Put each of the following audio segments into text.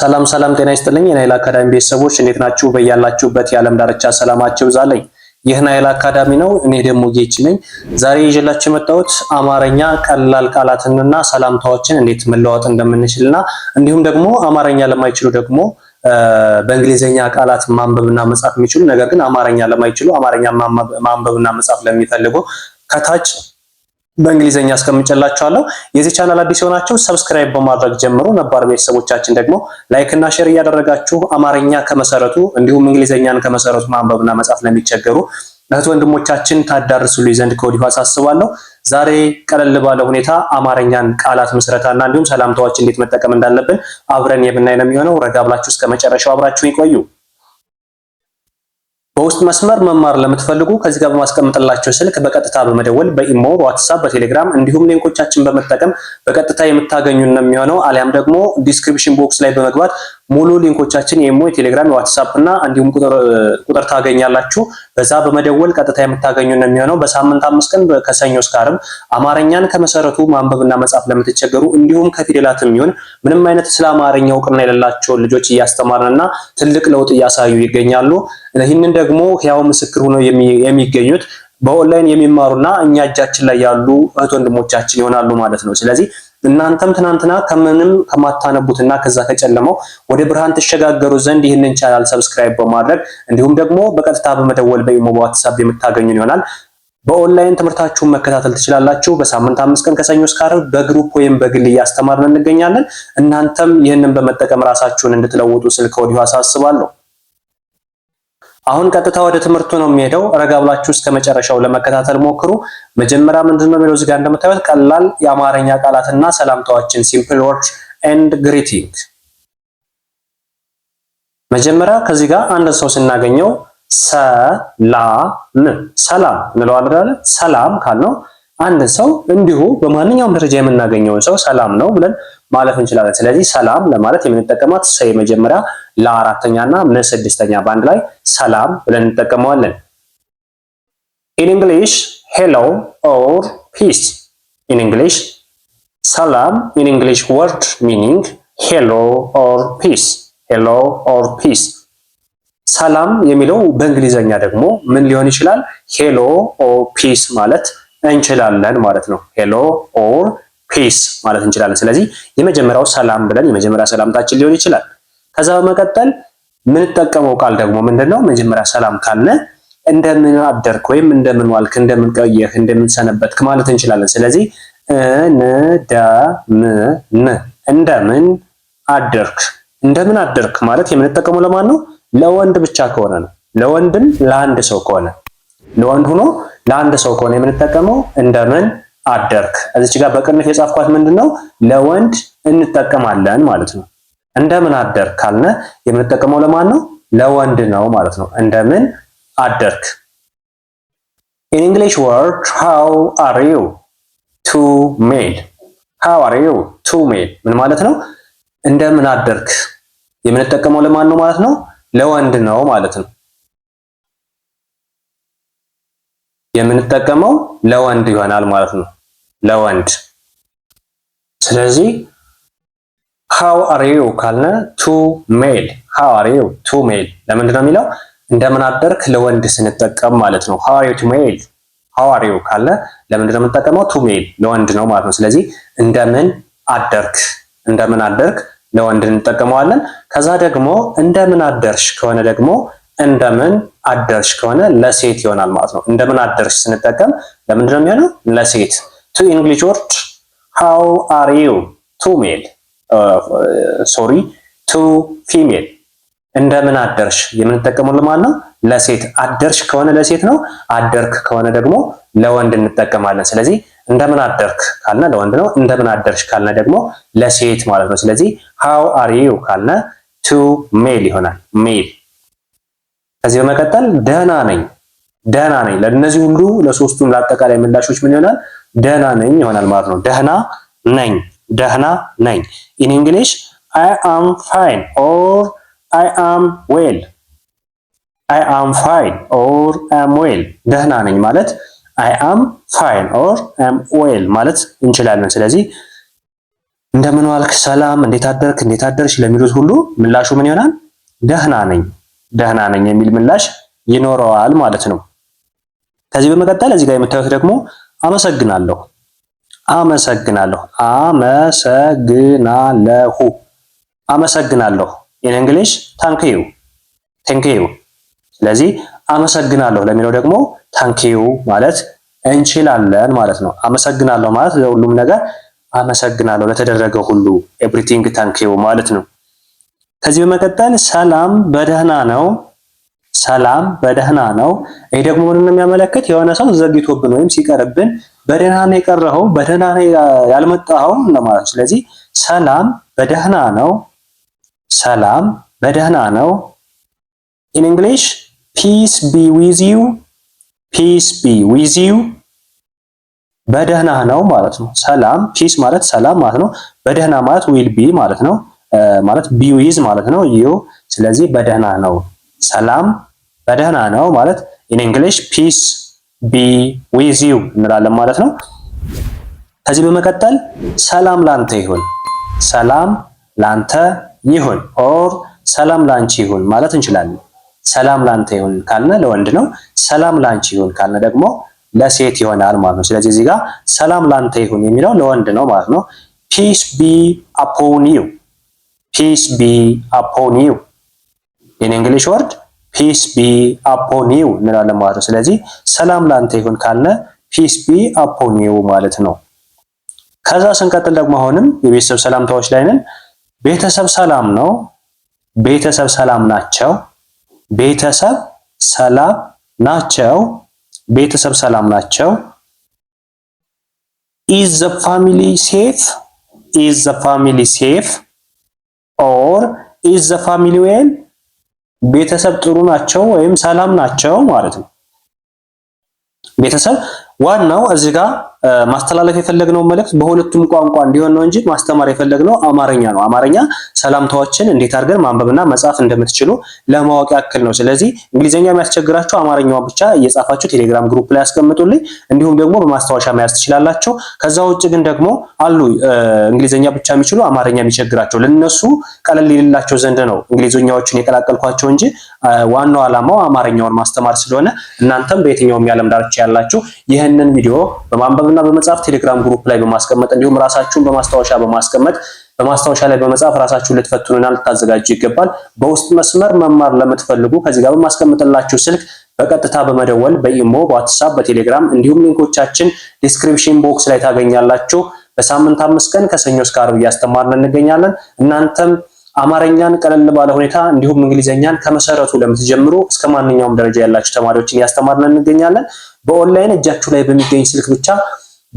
ሰላም ሰላም፣ ጤና ይስጥልኝ የናይል አካዳሚ ቤተሰቦች እንዴት ናችሁ? በያላችሁበት የዓለም ዳርቻ ሰላማችሁ ይብዛልኝ። ይህ ናይል አካዳሚ ነው። እኔ ደግሞ ጌች ነኝ። ዛሬ ይዤላችሁ የመጣሁት አማርኛ ቀላል ቃላትንና ሰላምታዎችን እንዴት መለዋወጥ እንደምንችልና እንዲሁም ደግሞ አማርኛ ለማይችሉ ደግሞ በእንግሊዝኛ ቃላት ማንበብና መጻፍ የሚችሉ ነገር ግን አማርኛ ለማይችሉ አማርኛ ማንበብና መጻፍ ለሚፈልጉ ከታች በእንግሊዝኛ አስቀምጨላችኋለሁ። የዚህ ቻናል አዲስ የሆናችሁ ሰብስክራይብ በማድረግ ጀምሩ። ነባር ቤተሰቦቻችን ደግሞ ላይክ እና ሼር እያደረጋችሁ አማርኛ ከመሰረቱ እንዲሁም እንግሊዝኛን ከመሰረቱ ማንበብና መጻፍ ለሚቸገሩ እህት ወንድሞቻችን ታዳርሱልኝ ዘንድ ከወዲሁ አሳስባለሁ። ዛሬ ቀለል ባለ ሁኔታ አማርኛን ቃላት ምስረታና እንዲሁም ሰላምታዎች እንዴት መጠቀም እንዳለብን አብረን የምናይ ነው የሚሆነው። ረጋ ብላችሁ እስከ መጨረሻው አብራችሁን ይቆዩ። በውስጥ መስመር መማር ለምትፈልጉ ከዚህ ጋር በማስቀምጥላቸው ስልክ በቀጥታ በመደወል በኢሞ፣ በዋትሳፕ፣ በቴሌግራም እንዲሁም ሊንኮቻችን በመጠቀም በቀጥታ የምታገኙ ነው የሚሆነው። አሊያም ደግሞ ዲስክሪፕሽን ቦክስ ላይ በመግባት ሙሉ ሊንኮቻችን የሞ የቴሌግራም፣ የዋትሳፕ እና እንዲሁም ቁጥር ታገኛላችሁ። በዛ በመደወል ቀጥታ የምታገኙ ነው የሚሆነው። በሳምንት አምስት ቀን ከሰኞ እስከ ዓርብ አማርኛን ከመሰረቱ ማንበብና መጻፍ ለምትቸገሩ እንዲሁም ከፊደላትም ይሁን ምንም አይነት ስለ አማርኛ እውቅና የሌላቸውን ልጆች እያስተማርንና ትልቅ ለውጥ እያሳዩ ይገኛሉ። ይህንን ደግሞ ህያው ምስክር ሆነው የሚገኙት በኦንላይን የሚማሩና እኛ እጃችን ላይ ያሉ እህት ወንድሞቻችን ይሆናሉ ማለት ነው። ስለዚህ እናንተም ትናንትና ከምንም ከማታነቡትና ከዛ ከጨለመው ወደ ብርሃን ትሸጋገሩ ዘንድ ይህንን ቻናል ሰብስክራይብ በማድረግ እንዲሁም ደግሞ በቀጥታ በመደወል በኢሞ በዋትሳፕ የምታገኙን ይሆናል። በኦንላይን ትምህርታችሁን መከታተል ትችላላችሁ። በሳምንት አምስት ቀን ከሰኞ እስከ ዓርብ በግሩፕ ወይም በግል እያስተማርን እንገኛለን። እናንተም ይህንን በመጠቀም ራሳችሁን እንድትለውጡ ስል ከወዲሁ አሳስባለሁ። አሁን ቀጥታ ወደ ትምህርቱ ነው የሚሄደው። ረጋ ብላችሁ እስከ መጨረሻው ለመከታተል ሞክሩ። መጀመሪያ ምንድን ነው የሚለው እዚህ እንደምታዩት ቀላል የአማርኛ ቃላትና ሰላምታዎችን ሲምፕል ወርድ ኤንድ ግሪቲንግ። መጀመሪያ ከዚህ ጋር አንድ ሰው ስናገኘው ሰላም ሰላም እንለዋለን። ሰላም ካልነው አንድ ሰው እንዲሁ በማንኛውም ደረጃ የምናገኘውን ሰው ሰላም ነው ብለን ማለፍ እንችላለን። ስለዚህ ሰላም ለማለት የምንጠቀማት ሰ የመጀመሪያ ለአራተኛና ም ስድስተኛ በአንድ ላይ ሰላም ብለን እንጠቀመዋለን። ኢን እንግሊሽ ሄሎ ኦር ፒስ። ኢን እንግሊሽ ሰላም ኢን እንግሊሽ ወርድ ሚኒንግ ሄሎ ኦር ፒስ። ሄሎ ኦር ፒስ። ሰላም የሚለው በእንግሊዘኛ ደግሞ ምን ሊሆን ይችላል? ሄሎ ኦር ፒስ ማለት እንችላለን ማለት ነው። ሄሎ ኦር ፒስ ማለት እንችላለን። ስለዚህ የመጀመሪያው ሰላም ብለን የመጀመሪያ ሰላምታችን ሊሆን ይችላል። ከዛ በመቀጠል የምንጠቀመው ቃል ደግሞ ምንድነው? መጀመሪያ ሰላም ካለ እንደምን አደርክ ወይም እንደምን ዋልክ፣ እንደምን ቆየህ፣ እንደምን ሰነበትክ ማለት እንችላለን። ስለዚህ እንደምን እንደምን አደርክ እንደምን አደርክ ማለት የምንጠቀመው ለማን ነው? ለወንድ ብቻ ከሆነ ነው። ለወንድም ለአንድ ሰው ከሆነ ለወንድ ሆኖ ለአንድ ሰው ከሆነ የምንጠቀመው እንደምን አደርክ። እዚች ጋር በቅንፍ የጻፍኳት ምንድነው ለወንድ እንጠቀማለን ማለት ነው። እንደምን አደርክ ካልነ የምንጠቀመው ለማን ነው? ለወንድ ነው ማለት ነው። እንደምን አደርክ። In English word, ሃው are you to male? ሃው are you ቱ ሜል ምን ማለት ነው? እንደምን አደርክ የምንጠቀመው ለማን ነው ማለት ነው? ለወንድ ነው ማለት ነው። የምንጠቀመው ለወንድ ይሆናል ማለት ነው። ለወንድ ስለዚህ ሃው አር ዩ ካልነ ቱ ሜል ሃው አር ዩ ቱ ሜል ለምንድን ነው የሚለው እንደምን አደርክ ለወንድ ስንጠቀም ማለት ነው። ሃው አር ዩ ቱ ሜል ሃው አር ዩ ካልነ ለምንድን ነው የምንጠቀመው ቱ ሜል ለወንድ ነው ማለት ነው። ስለዚህ እንደምን አደርክ እንደምን አደርክ ለወንድ እንጠቀመዋለን። ከዛ ደግሞ እንደምን አደርሽ ከሆነ ደግሞ እንደምን አደርሽ ከሆነ ለሴት ይሆናል ማለት ነው። እንደምን አደርሽ ስንጠቀም ለምንድን ነው የሚሆነው? ለሴት ቱ ኢንግሊሽ ወርድ ሃው አር ዩ ቱ ሜል ሶሪ ቱ ፊሜል እንደምን አደርሽ የምንጠቀመው ለማን ነው? ለሴት። አደርሽ ከሆነ ለሴት ነው። አደርክ ከሆነ ደግሞ ለወንድ እንጠቀማለን። ስለዚህ እንደምን አደርክ ካልነ ለወንድ ነው። እንደምን አደርሽ ካልነ ደግሞ ለሴት ማለት ነው። ስለዚህ ሃው አር ዩ ካልነ ቱ ሜል ይሆናል ሜል ከዚህ በመቀጠል ደህና ነኝ ደህና ነኝ። ለእነዚህ ሁሉ ለሶስቱም ለአጠቃላይ ምላሾች ምን ይሆናል? ደህና ነኝ ይሆናል ማለት ነው። ደህና ነኝ ደህና ነኝ። ኢን እንግሊሽ አይ አም ፋይን ኦር አይ አም ዌል አይ አም ፋይን ኦር አይ አም ዌል። ደህና ነኝ ማለት አይ አም ፋይን ኦር አይ አም ዌል ማለት እንችላለን። ስለዚህ እንደምን ዋልክ፣ ሰላም፣ እንዴት አደርክ፣ እንዴት አደርሽ ለሚሉት ሁሉ ምላሹ ምን ይሆናል? ደህና ነኝ ደህና ነኝ የሚል ምላሽ ይኖረዋል ማለት ነው። ከዚህ በመቀጠል እዚህ ጋር የምታዩት ደግሞ አመሰግናለሁ አመሰግናለሁ አመሰግናለሁ አመሰግናለሁ ኢን እንግሊሽ ታንክ ዩ ታንክ ዩ። ስለዚህ አመሰግናለሁ ለሚለው ደግሞ ታንክ ዩ ማለት እንችላለን ማለት ነው። አመሰግናለሁ ማለት ለሁሉም ነገር አመሰግናለሁ ለተደረገ ሁሉ ኤቭሪቲንግ ታንክ ዩ ማለት ነው። ከዚህ በመቀጠል ሰላም በደህና ነው። ሰላም በደህና ነው። ይሄ ደግሞ ምን እንደሚያመለክት የሚያመለክት? የሆነ ሰው ዘግይቶብን ወይም ሲቀርብን በደህና ነው የቀረኸው፣ በደህና ነው ያልመጣኸው ለማለት ነው። ስለዚህ ሰላም በደህና ነው። ሰላም በደህና ነው። ኢን እንግሊሽ ፒስ ቢ ዊዝ ዩ፣ ፒስ ቢ ዊዝ ዩ። በደህና ነው ማለት ነው። ሰላም ፒስ ማለት ሰላም ማለት ነው። በደህና ማለት ዊል ቢ ማለት ነው። ማለት ቢዊዝ ማለት ነው ዩ። ስለዚህ በደህና ነው ሰላም በደህና ነው ማለት ኢን እንግሊሽ ፒስ ቢ ዊዝ ዩ እንላለን ማለት ነው። ከዚህ በመቀጠል ሰላም ላንተ ይሁን፣ ሰላም ላንተ ይሁን ኦር ሰላም ላንቺ ይሁን ማለት እንችላለን። ሰላም ላንተ ይሁን ካልነ ለወንድ ነው። ሰላም ላንቺ ይሁን ካልነ ደግሞ ለሴት ይሆናል ማለት ነው። ስለዚህ እዚህ ጋር ሰላም ላንተ ይሁን የሚለው ለወንድ ነው ማለት ነው። ፒስ ቢ አፖን ዩ ፒስ ቢ አፖን ዩ ኢን እንግሊሽ ወርድ ፒስ ቢ አፖን ዩ እንላለን ማለት ነው። ስለዚህ ሰላም ላንተ ይሁን ካልነ ፒስ ቢ አፖን ዩ ማለት ነው። ከዛ ስንቀጥል ደግሞ አሁንም የቤተሰብ ሰላምታዎች ላይ ነን። ቤተሰብ ሰላም ነው፣ ቤተሰብ ሰላም ናቸው፣ ቤተሰብ ሰላም ናቸው፣ ቤተሰብ ሰላም ናቸው። ኢዝ ዘ ፋሚሊ ሴፍ፣ ኢዝ ዘ ፋሚሊ ሴፍ ኦር ኢዝ ዘ ፋሚሊ ዌል ቤተሰብ ጥሩ ናቸው ወይም ሰላም ናቸው ማለት ነው። ቤተሰብ ዋናው እዚህ ጋር ማስተላለፍ የፈለግነው መልእክት በሁለቱም ቋንቋ እንዲሆን ነው እንጂ ማስተማር የፈለግነው አማርኛ ነው። አማርኛ ሰላምታዎችን እንዴት አድርገን ማንበብና መጻፍ እንደምትችሉ ለማወቅ ያክል ነው። ስለዚህ እንግሊዝኛ የሚያስቸግራችሁ አማርኛው ብቻ እየጻፋችሁ ቴሌግራም ግሩፕ ላይ አስቀምጡልኝ እንዲሁም ደግሞ በማስታወሻ መያዝ ትችላላችሁ። ከዛ ውጭ ግን ደግሞ አሉ እንግሊዝኛ ብቻ የሚችሉ አማርኛ የሚቸግራቸው ለነሱ ቀለል ይልላቸው ዘንድ ነው እንግሊዘኛዎቹን የቀላቀልኳቸው እንጂ ዋናው ዓላማው አማርኛውን ማስተማር ስለሆነ እናንተም በየትኛውም የዓለም ዳርቻ ያላችሁ ይህ ይህንን ቪዲዮ በማንበብና በመጻፍ ቴሌግራም ግሩፕ ላይ በማስቀመጥ እንዲሁም ራሳችሁን በማስታወሻ በማስቀመጥ በማስታወሻ ላይ በመጻፍ ራሳችሁን ልትፈትኑና ልታዘጋጁ ይገባል። በውስጥ መስመር መማር ለምትፈልጉ ከዚህ ጋር በማስቀመጥላችሁ ስልክ በቀጥታ በመደወል በኢሞ፣ በዋትሳፕ፣ በቴሌግራም እንዲሁም ሊንኮቻችን ዲስክሪፕሽን ቦክስ ላይ ታገኛላችሁ። በሳምንት አምስት ቀን ከሰኞ እስከ ዓርብ እያስተማርን እንገኛለን። እናንተም አማርኛን ቀለል ባለ ሁኔታ እንዲሁም እንግሊዝኛን ከመሰረቱ ለምትጀምሩ እስከ ማንኛውም ደረጃ ያላችሁ ተማሪዎችን እያስተማርን እንገኛለን። በኦንላይን እጃችሁ ላይ በሚገኝ ስልክ ብቻ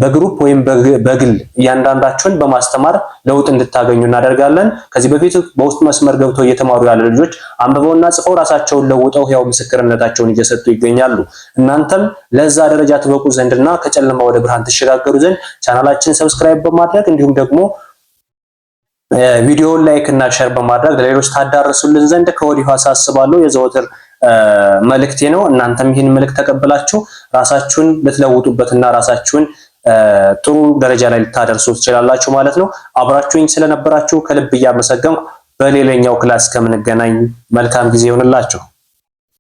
በግሩፕ ወይም በግል እያንዳንዳችሁን በማስተማር ለውጥ እንድታገኙ እናደርጋለን። ከዚህ በፊት በውስጥ መስመር ገብተው እየተማሩ ያለ ልጆች አንብበውና ጽፈው ራሳቸውን ለውጠው ሕያው ምስክርነታቸውን እየሰጡ ይገኛሉ። እናንተም ለዛ ደረጃ ትበቁ ዘንድና ከጨለማ ወደ ብርሃን ትሸጋገሩ ዘንድ ቻናላችን ሰብስክራይብ በማድረግ እንዲሁም ደግሞ ቪዲዮውን ላይክ እና ሸር በማድረግ ለሌሎች ታዳርሱልን ዘንድ ከወዲሁ አሳስባለሁ። የዘወትር መልእክቴ ነው። እናንተም ይህን መልእክት ተቀብላችሁ ራሳችሁን ልትለውጡበትና ራሳችሁን ጥሩ ደረጃ ላይ ልታደርሱ ትችላላችሁ ማለት ነው። አብራችሁኝ ስለነበራችሁ ከልብ እያመሰገንኩ በሌላኛው ክላስ ከምንገናኝ መልካም ጊዜ ይሆንላችሁ።